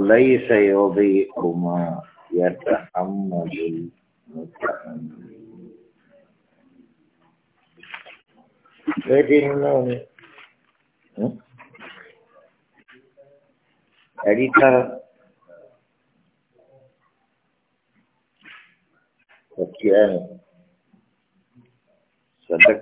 ليس يضيء ما يتحمل المتحمل Jadi ini Jadi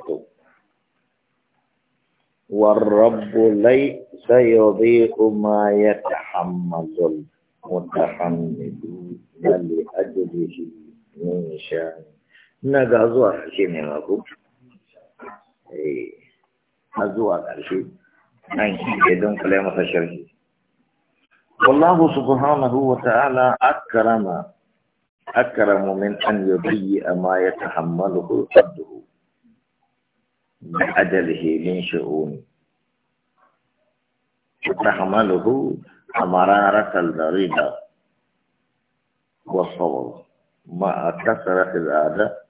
والرب ليس يضيء ما يتحمل المتحملون لأجله من شان نغازوا عشان يلاقوا اي غازوا عشان نعم يدون كلام الشرعي والله سبحانه وتعالى أكرم أكرم من أن يضيء ما يتحمله عبده بعدله من شؤون تحمله مرارة الضريبة والصبر مع كثرة الأعداء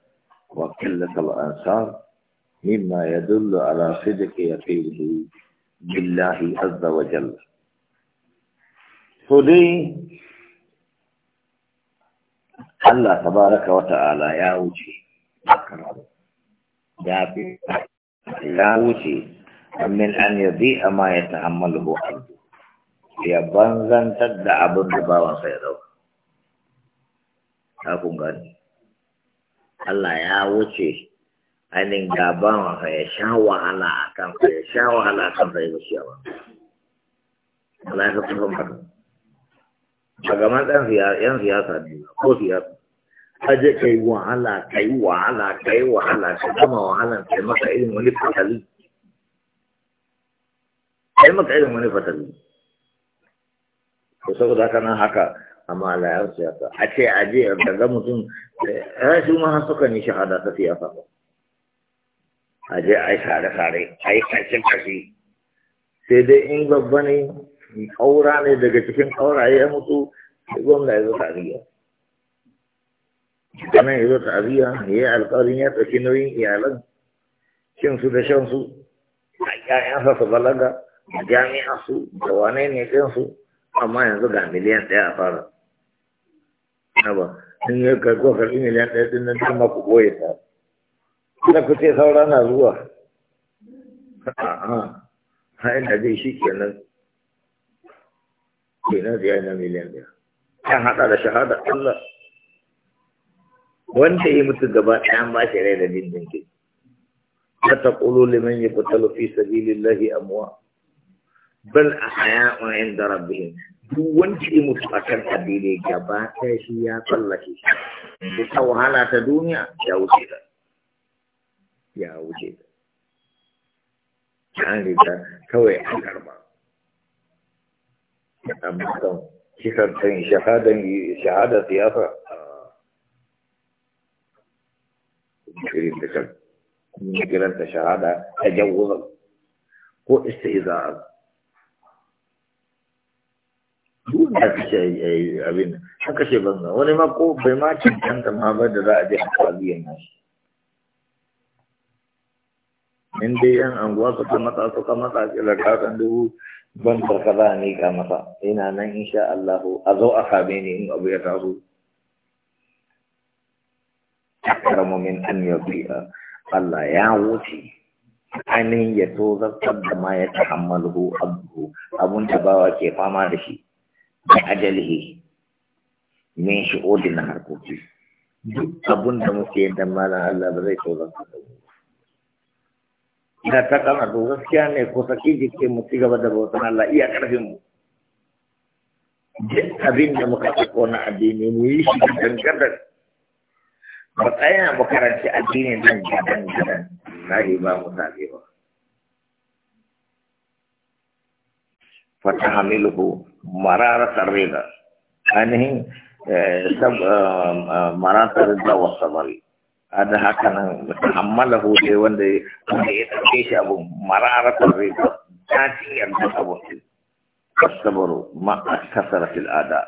وقلة الأنصار مما يدل على صدق يقينه بالله عز وجل فدي الله تبارك وتعالى يا وجهي أكرم يا بي ya wuce min an yadi amma ya ta'ammalu abdu ya banzantar da abin da bawansa ya dauka ta gani Allah ya wuce ainihin gaban ya sha wahala a kansa ya sha wahala a kansa ya wuce ba Allah ya fi kusan ba a gaban ɗan siyasa ne ko siyasa Aje kai wahala kai wahala kai wahala ka gama wahalan kai maka irin wani fatali kai maka irin wani fatali ko saboda haka nan haka amma Allah ya haka a ce a je daga mutum ya eh, shi ma har suka ni shahada ta siyasa a je a yi sare-sare a yi kashe-kashe sai dai in babba ne ƙaura ne daga cikin ƙauraye ya mutu sai gwamna ya zo tariya Karena itu ta'aziyya yayi alƙawarin ya ɗauki nauyin iyalan alam. su da shan su a ƴaƴansa su balaga a jami'a su da wane ne ɗin su amma yanzu ga miliyan ɗaya a fara na ba in yi karko karɓi miliyan ɗaya ɗin nan dama ku ɓoye ta da ku ce saura na zuwa a'a hain da dia shi kenan dia. Yang na miliyan ɗaya da shahada Allah wanda ya mutu gaba ɗaya ma shi rai da dindin ke ta taqulu liman yuqtalu fi sabilillahi amwa bal ahya'un 'inda rabbihim duk wanda ya mutu a kan addini gaba ɗaya shi ya tsallake shi ta wahala ta duniya ya wuce ta ya wuce ta an riga kawai an karba amma kan kisan shahadan shahadar siyasa مشيرين بكذا يمكن انت شهاده تجوز هو استهزاز دون هذا الشيء اي ابين حكى شيء بس وانا ما اقول بما كنت انت ما بدل هذه حقيقيه الناس عندي ان انواط كمتا كمتا الى كذا عنده بن بركضاني كمتا هنا ان شاء الله اذو اخابيني ان ابي تعبو akramu min an uh, Allah ya wuce ainihin ya tozartar da ma ya tahammalu abdu abun da bawa ke fama da shi da ajalihi min shi'udi na harkoki duk abun da muke yin dan Allah ba zai tozartar da ina ta kama to gaskiya ne ko saki jike mu ci gaba da bautan Allah iya karfin mu duk abin da muka tsako na addini mu yi shi dangar mu tsaya mu karanci addinin nan gadan gadan na riba mu sabe ba fatahamiluhu mararatar rida ainihin maratar da wasabari ada haka nan hammalahu dai wanda ya ɗauke shi abun mararatar rida daɗin yarda abun wasabaru ma a kasar fil'ada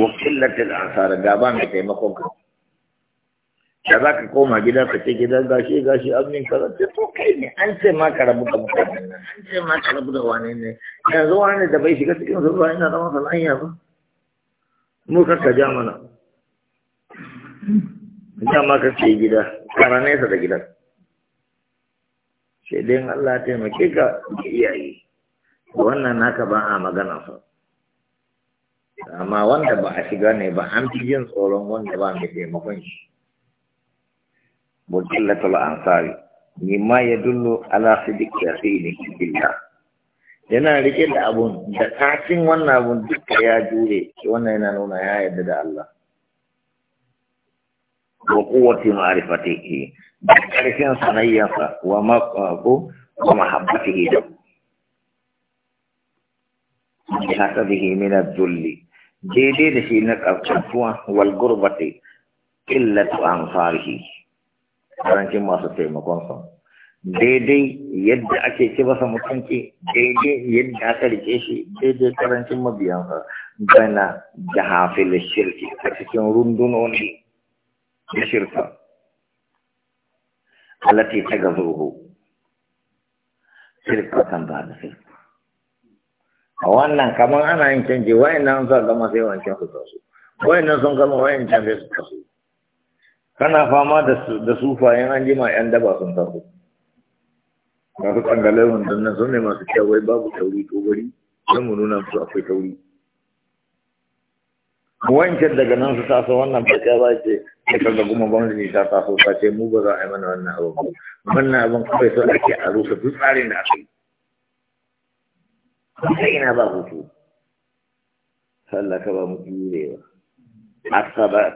wa killatil ansar gaba mai taimakon kan da za ka koma gida ka ce gidan gashi gashi an min kaza ce to kai ne an ce ma ka rabu da mutane nan an ce ma ka rabu da wani ne yanzu wani da bai shiga cikin su ba ina zama salanya ba mu ka ka ja mana ja ma ka ce gida kara nesa da gidan sai dai Allah ya taimake ka da iyaye wannan naka ba a magana fa amma wanda ba a shiga ne ba an fi jin tsoron wanda ba mai taimakon shi مجلة الأنصار مما يدل ya صدق يقينه بالله yana rike da abun da kacin wannan abun duka ya jure wannan yana nuna ya yadda da Allah wa kuwati ma'rifatihi da karfin sanayyarsa wa maqabu wa mahabbatihi da hasabihi min ad-dulli daidai da shi na karfatuwa wal gurbati illatu ansarihi karancin masu taimakonsa daidai yadda ake ci masa mutunci daidai yadda aka rike shi daidai karancin mabiyansa gana da hafilin shirki a cikin rundunoni na shirka alati ta ga zuhu shirka kan ba da shirka a wannan kamar ana yin canji wayannan za zama sai wancan su tasu wayannan sun wayan wayancan sai su tasu kana fama da sufayen an jima yan daba sun taso masu kangalai wandan nan sun ne masu kyawai babu tauri ko gari, don mu nuna su akwai tauri wancan daga nan su taso wannan fata ba ce ta kaga kuma gwamnati ta taso ta ce mu ba za a yi mana wannan abu ba wannan abin kawai sau ake a rusa duk tsarin da aka yi sai ina ba hutu Sallaka ba mu jurewa asabat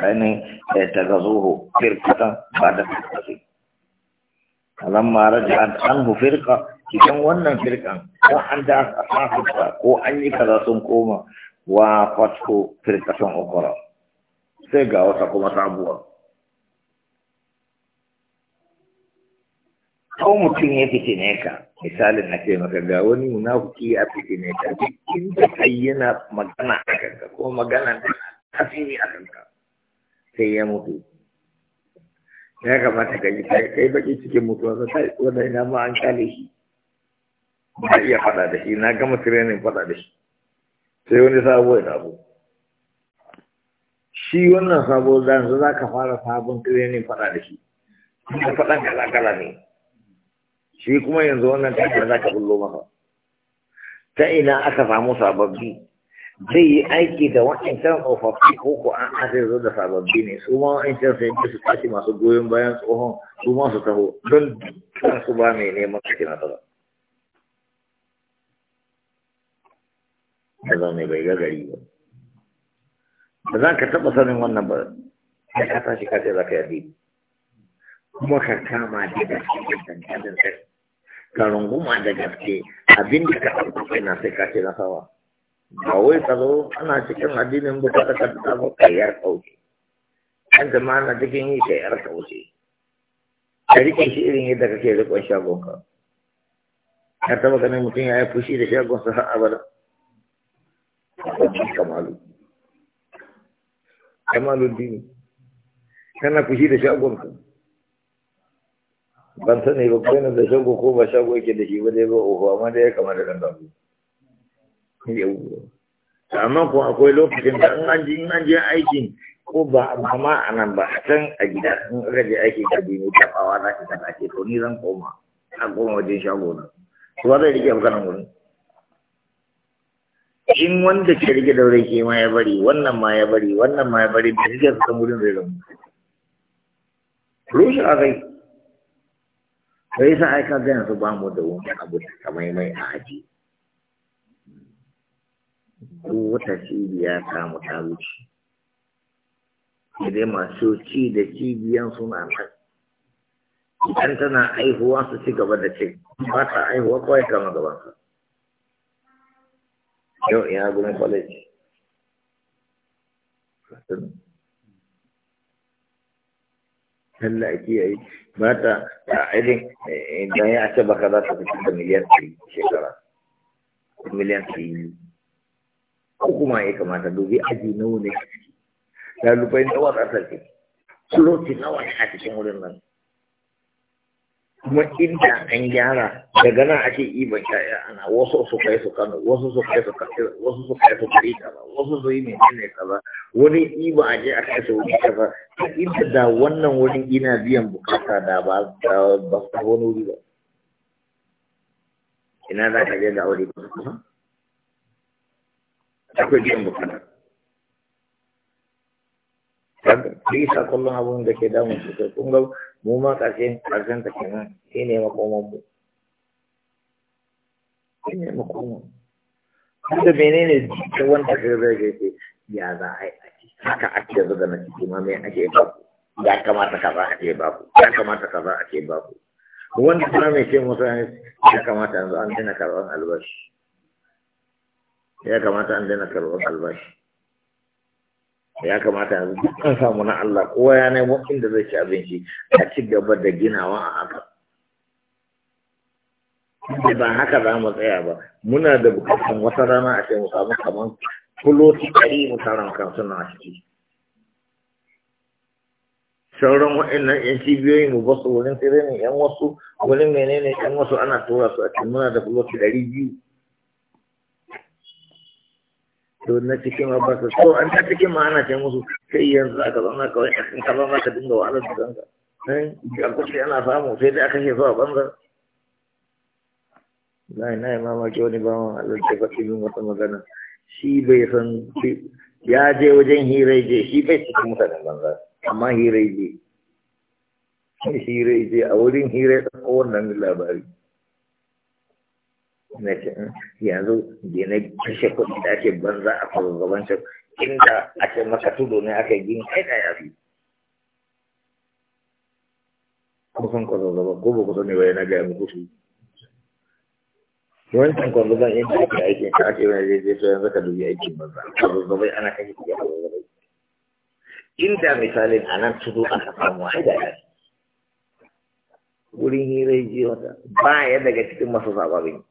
ainihin eh, ta gazuhu firkatan ba da firkasi ma raja an hu firka cikin wannan firkan ko an da aka ko an yi kaza sun koma wa fatko firkatan ukura sai ga wata kuma sabuwa ko mutum ya fitine ka misalin na ce maka ga wani munafiki ya fitine ka duk inda kai yana magana a ko magana ta tasiri a kanka sai ya mutu ya kamata ka yi kai baki cikin mutuwa sa kai wanda ina ma an kale shi ba iya faɗa da shi na gama training faɗa da shi sai wani sabo ya sabo shi wannan sabo da yanzu za ka fara sabon training faɗa da shi kuma faɗan kala kala ne shi kuma yanzu wannan ta za ka bullo masa ta ina aka samu sababbi zai yi aiki da wa'ancan tsofaffi ko ko an aka da sababbi ne su ma wa'ancan sai su tashi masu goyon bayan tsohon su ma su taho don dukkan su ba mai neman cikin nasara da zaune bai ga gari ba ba za ka taɓa sanin wannan ba sai ka tashi ka ce za ka yi kuma ka kama da gaske da dankalin sai ka runguma da gaske abin da ka ɗauka kai na sai ka ce nasawa ba wai ka zo ana cikin addinin ba ta ka ta ba kayar kauce an zama na cikin yi kayar kauce ka rike shi irin yadda kake rikon shagon ka ka taba ganin mutum ya yi fushi da shagon sa har abada kwanci kamalu kamalu dini kana fushi da shagon ka ban sani ba kwanan da shago ko ba shago yake da shi ba dai ba uku amma dai ya kamata kan zabu yau amma ko akwai lokacin da in an je in an je ko ba amma a nan ba a can a gida in aka je aikin ka bi ne tabawa na ki ta ce to ni zan koma a koma wajen shago na to ba zai rike maganan wurin in wanda ke rike da wurin ke ma ya bari wannan ma ya bari wannan ma ya bari da rike su kan wurin zai ramu rushe a kai sai sa aika gana su ba mu da wani abu da kamai mai a aji ko wata cibiya ta mu ta wuce dai masu ci da cibiyan suna nan idan tana aihuwa su ci gaba da ce ba ta aihuwa kawai kama gaban gabansa yau ina gumin kwaleji Allah ake kiyaye ba ta a irin eh, idan ya ce baka za ta fi da miliyan ɗari shekara miliyan ɗari ko kuma ya kamata dubi aji nawa ne a ciki ɗalibai nawa za ta ce nawa ne a cikin wurin nan kuma inda an gyara daga nan ake iban ƴaƴa ana wasu su kai su kano wasu su kai su kafir wasu su kai su kai kaza wasu su yi menene kaza wani iba a je a kai su wuri kaza inda da wannan wani ina biyan bukata da ba ba wani wuri ba ina za ka je da aure ba akwai biyan bukata bisa kullum abun da ke damun su kai kun ga mu ma ƙarshen ƙarshen ta kenan shi ne makoman mu shi ne makoman mu da menene ta wanda ka zai ce ya za a yi haka ake zuga na ciki ma me ake ba ku ya kamata ka za a ke ba ku ya kamata ka za a ke ba ku wanda kuma mai ce musa ya kamata yanzu an tana karɓar albashi ya kamata an daina karɓar albashi ya kamata yanzu duk an samu na Allah kowa ya nemo inda zai ci abinci a ci gaba da ginawa a haka ba haka za mu tsaya ba muna da bukatan wata rana a ce mu samu kaman kuloti ɗari mu tara kan suna a ciki sauran waɗannan yan cibiyoyi mu basu wurin tsere ne yan wasu wurin menene yan wasu ana tura su a cikin muna da kuloti ɗari biyu to na cikin abasa su an ta cikin ma ana ce musu sai yanzu aka zauna kawai a cikin kaba ma ka dinga wahalar da kanka nan eh, ga kuɗi ana samu sai dai aka ce so a banza na na yi mamaki wani bawan Allah da faɗi min wata magana shi bai san ya je wajen hirai je shi bai cikin mutanen banza amma hirai je hirai je a wurin hirai ɗan kowannan labari Mm, na ce yanzu gine kashe kuɗi da ake banza a fargaban shi inda ake maka tudu ne aka yi kai da yafi kusan kwazazzaba ko ba kusa ne ba na gaya muku su yawancin kwazazzan yin da ake aikin ka ake wani zai zai so yanzu ka dubi aikin banza kwazazzabai ana kashe kuɗi a kwazazzabai inda misalin a nan tudu aka samu a da yafi wurin hira yi wata ba ya daga cikin masu sababin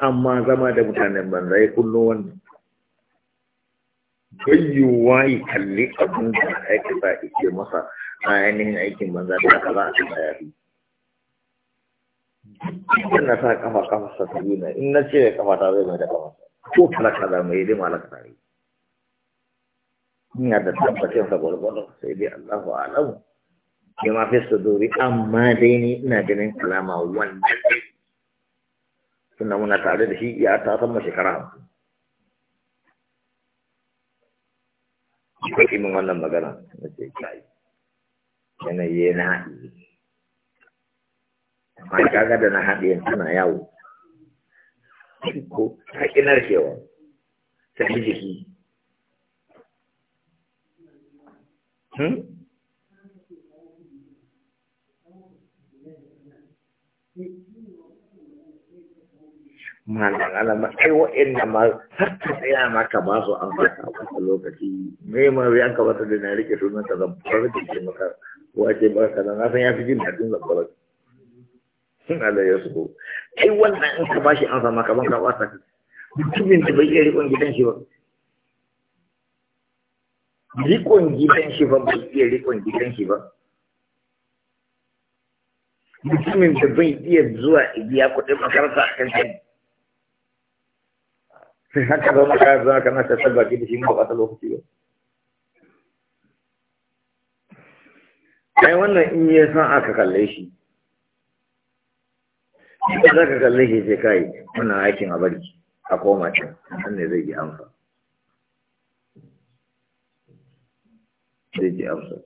amma zama da mutanen banza ya kullo wannan bayyuwa yi kalli abin da aiki ba ike masa a yanayin aikin banza da aka za a ci bayar. fi idan na sa kafa kafa sa ta yi na in na ce kafa ta zai mai da kafa ko talaka da mai yi dai malaka ta yi ina da tabbacin sa sai dai allahu alamu ya mafi su dori amma dai ni ina ganin wanda wannan tunda muna tare da shi ya ta san shekara hamsin akwai min wannan magana na ce kai yanayi yana haɗi amma kaga da na haɗi yanzu na yawo ko ta ƙi narkewa ta fi jiki hmm? malam alama ai wa'inda ma har ka tsaya ma ka ba su an fata a wasu lokaci me ma bai an kabata da na rike sunan ta zabbar da ke maka wace ba ka na san ya fi jin daɗin zabbar suna da ya su ai wannan in ka ba shi an sama ka ban ka wata mutumin da bai iya rikon gidan shi ba rikon gidan shi ba bai iya rikon gidan shi ba mutumin da bai iya zuwa ibiya kuɗin makaranta a kan shi sai haka zauna ka za ka na tattar baki da shi ba ɓata lokaci ba ai wannan in ya san aka kalle shi idan za ka kalle shi sai kai wannan aikin a bari a koma can nan ne zai yi amsa zai ji amsa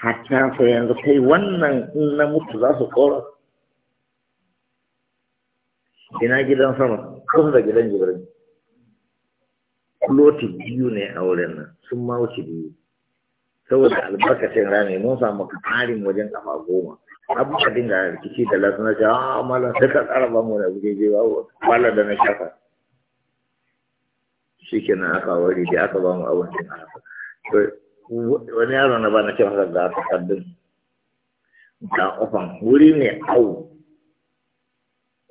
hatta fa yanzu kai wannan in na mutu za su kora ina gidan sama kusa da gidan jibirin kuloti biyu ne a wurin nan sun ma wuce biyu saboda albarkacin rami mun samu ƙarin wajen kafa goma abubuwa dinga rikici da lasu na ce a ah, malam sai ka tsara ba mu da guje je ba malam da na shafa shi ke nan aka wari da aka ba mu abincin a haka wani yaro na ba na ce masa ga takardun ga ofan wuri ne au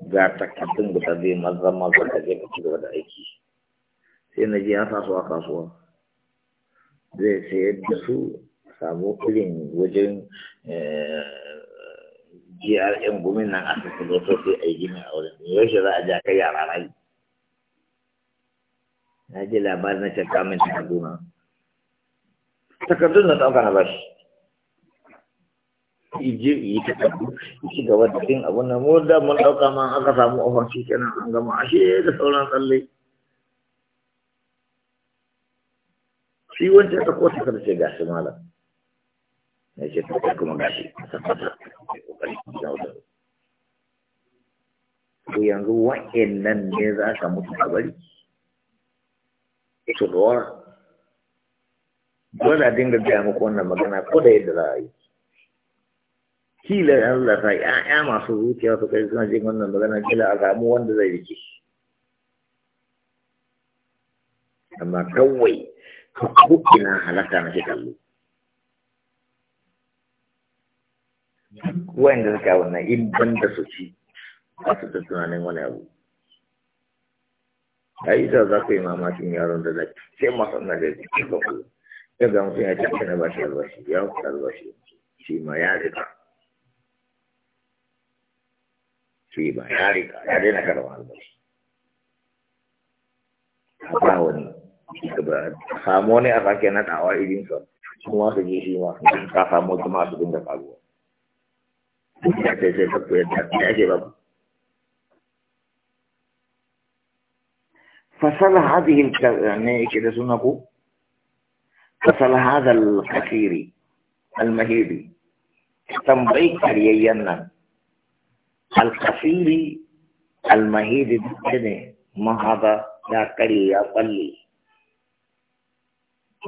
ga takardun guda biyu maza maza ka je ka ci gaba da aiki sai na je ya sa a kasuwa zai sayar da su samu irin wajen eh, GRM gumin nan a cikin sai a yi gini a wurin yaushe za a ja kai yara rai na ji labarin na shakka min takarduna takardun na ɗauka na bashi ije yi ta tabu ci gaba da cin abun nan mu da mun dauka ma aka samu ofan shi kenan an gama ashe da sauran tsalle shi wancan ta kota kada ce gashi malam na ce ta kuma gashi a tabbata kokari da wadda to yanzu wa'annan ne za ka mutu a bari ita su dole a dinga gaya muku wannan magana ko da yadda za a yi kila ya lallata ya masu zuciya su kai suna jin wannan magana kila a samu wanda zai rike amma kawai ka kuɓina halatta na shi kallo wanda suka wannan in da su ci ba su ta tunanin wani abu a yi za ku yi mamakin yaron da zai sai masu na da ya ga mutum ya ci na bashi albashi ya wuce albashi shi ma ya rika shi ba ya riga ya a ba wani a sake naɗawa ya ce da ya ko? babu فصل هذه الك... يعني كده سنكو فصل هذا الكثير المهيبي الكثير المهيد بن ما هذا يا كلي يا بلي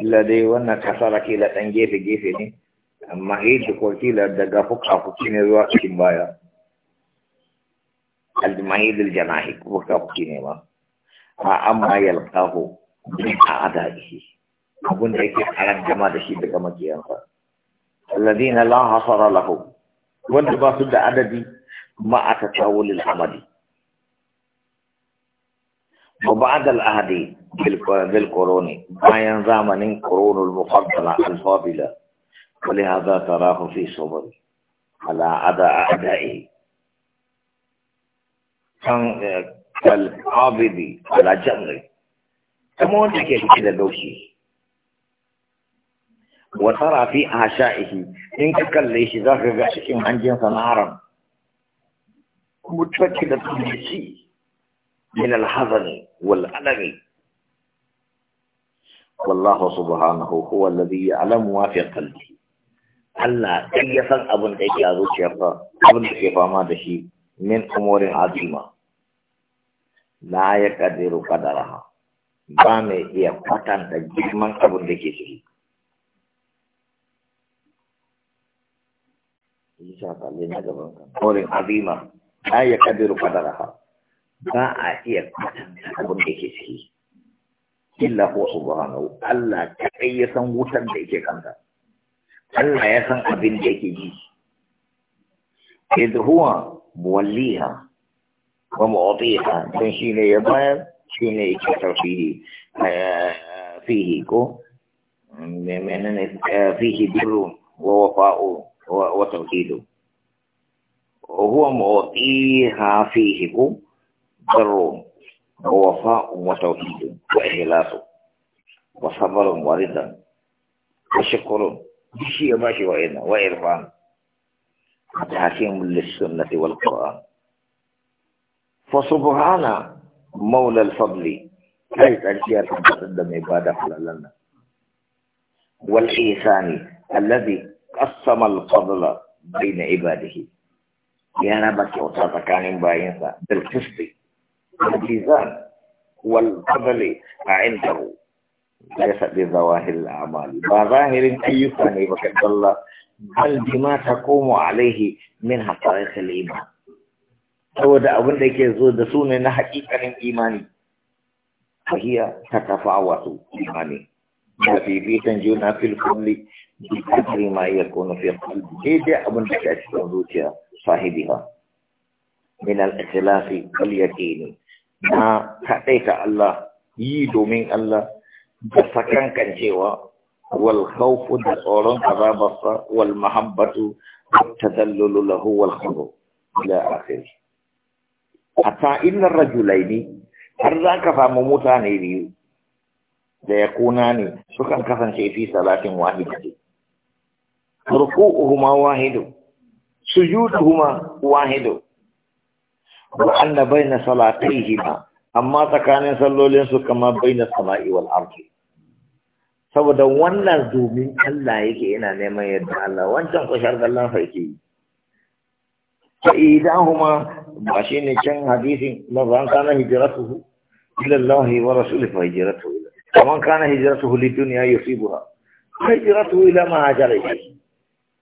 إلا دي وانا كسر كيلا تنجيف جيفني المهيد كوكيلا دقافك أفكيني روا كيمبايا المهيد الجناحي وكافكيني ما أما يلقاه من أعدائه أبن ريكي حرام جماعة شيدك مكيانسا الذين لا حصر لهم وانتباسوا عددي مع تطول العمل وبعد العهد بالقرون ما ينزع من قرون المفضلة الفاضلة ولهذا تراه في صبر على أداء أعدائه كالعابد على جمره كما وانت كده دوشي وترى في أعشائه إن تكليش ذاك غاشك عن جنس العرب متفكدة بالنسي من الحزن والألم والله سبحانه هو الذي يعلم ma في قلبي Allah kai ya san abin da yake a zuciyarsa abin da ke fama da shi min umurin azima la ya kadiru kadaraha ba mai iya fatan kwatanta girman abin da ke ciki Isa kalli na gaban kan. Korin azima آية كبيرة قدرها ما أتي أبن إكسكي إلا هو سبحانه ألا كأي سنوتا بإكي كنتا الله يسن أبن إكي جي إذ هو موليها ومعطيها من شين يباير شين يكسر فيه فيه كو فيه بر ووفاء وتوحيد وهو معطيها فيه بر ووفاء وتوحيد وإخلاص وصبر ورضا وشكر بشيء باشي وإنا وإرفان وتحكيم للسنة والقرآن فسبحان مولى الفضل كيف أشياء تقدم عبادة لنا والإيثان الذي قسم الفضل بين عباده ya raba kyauta tsakanin bayinsa bilkisti al-jizan wal badali a indahu ya saɗi zawahir amali ba zahirin ayyuka ne ba kaddalla bal bima taqumu Alayhi, min haqa'iq al-iman saboda abin da yake zo da su ne na haƙiƙanin imani fahiya ta kafa wasu imani da fifitan juna fil kulli bi kadri ma yakunu fi qalbi daidai abin da ke cikin zuciya صاحبها من الإخلاص واليقين na kaɗaita Allah yi domin Allah da sakankan cewa wal khawfu da tsoron azabarsa wal mahabbatu tadallulu lahu wal khawfu ila akhir hatta inna rajulaini har za ka samu mutane biyu da ya kuna ne sukan kasance fi salatin ma ruku'uhuma wahidu sujuduhuma wahidu wa anna bayna salatayhima amma takane sallolin su kama bayna samai wal ardi saboda wannan domin Allah yake yana neman yadda Allah wancan ko kushar Allah farki fa idahuma ba shine can hadisin ma ban kana hijratuhu ila Allah wa rasulihi fa hijratuhu kaman kana hijratuhu li dunya yusibuha hijratuhu ila ma hajara shi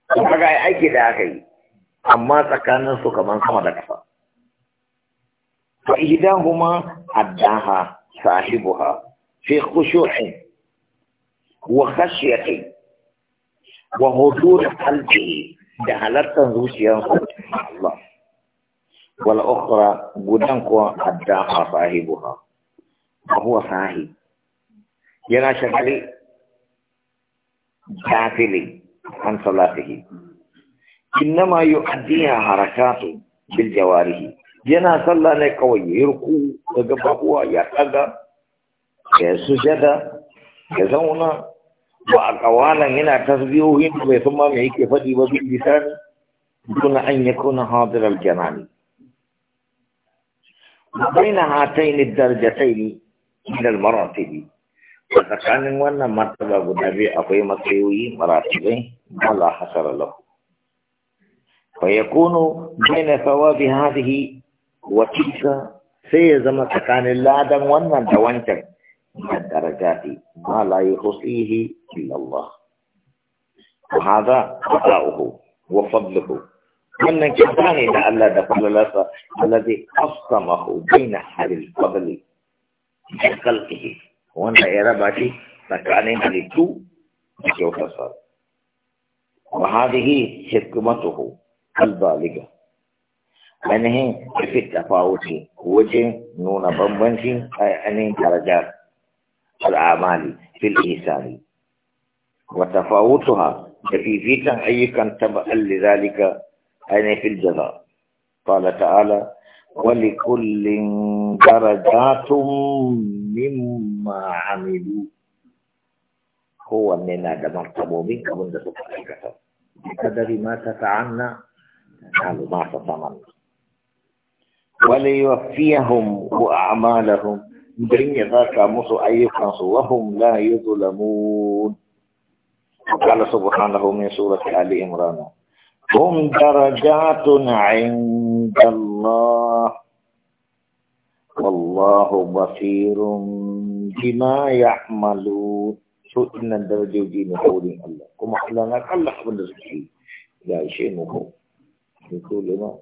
kaga ai aiki da aka yi amma tsakanin su kamar sama da ƙasa fa ihdahuma addaha sahibuha fi khushu'in wa khashyatin wa hudur qalbihi da halartar zuciyarsa Allah wal ukhra gudan ko addaha sahibuha wa huwa sahib yana shagali jafili an salatihi inna ma yi addiyar harakatu bil jawarihi yana sallah ne kawai ya yi ruku daga bakuwa ya ɗaga ya su ya zauna ba a kawalan yana tasbihohi ba mai sun ma mai yake faɗi ba su bisani kuna an yi kuna da aljanani bai na hatai ne darjatai ne idan maratibi a tsakanin wannan martaba guda biyu akwai matsayoyi maratibai ba la hasara lahu fayakunu baina thawabi hadhihi wa tilka sai ya zama tsakanin ladan wannan da wancan min darajati ma la yuhsihi illa Allah wa hadha qada'uhu wa fadluhu wannan kyauta ne da Allah da a alladhi qasamahu baina halil fadli khalqihi wanda ya raba shi tsakanin halittu da kyautarsa وهذه حكمته البالغة أنا هي في التفاوت وجه نون بمبنشي أنا درجات الأعمال في الإحسان وتفاوتها في فيتا أي كان تبعا لذلك أنا في الجزاء قال تعالى ولكل درجات مما عملوا هو من هذا مرتبو منك من ذلك بقدر ما تفعلنا قالوا ما تتمنى وليوفيهم أعمالهم بين ذاك أي أيقنص وهم لا يظلمون قال سبحانه من سورة آل عمران هم درجات عند الله والله بصير بما يعملون شو إن الدرجة دي نقول الله كما حلنا قال لك لا شيء مهم da lima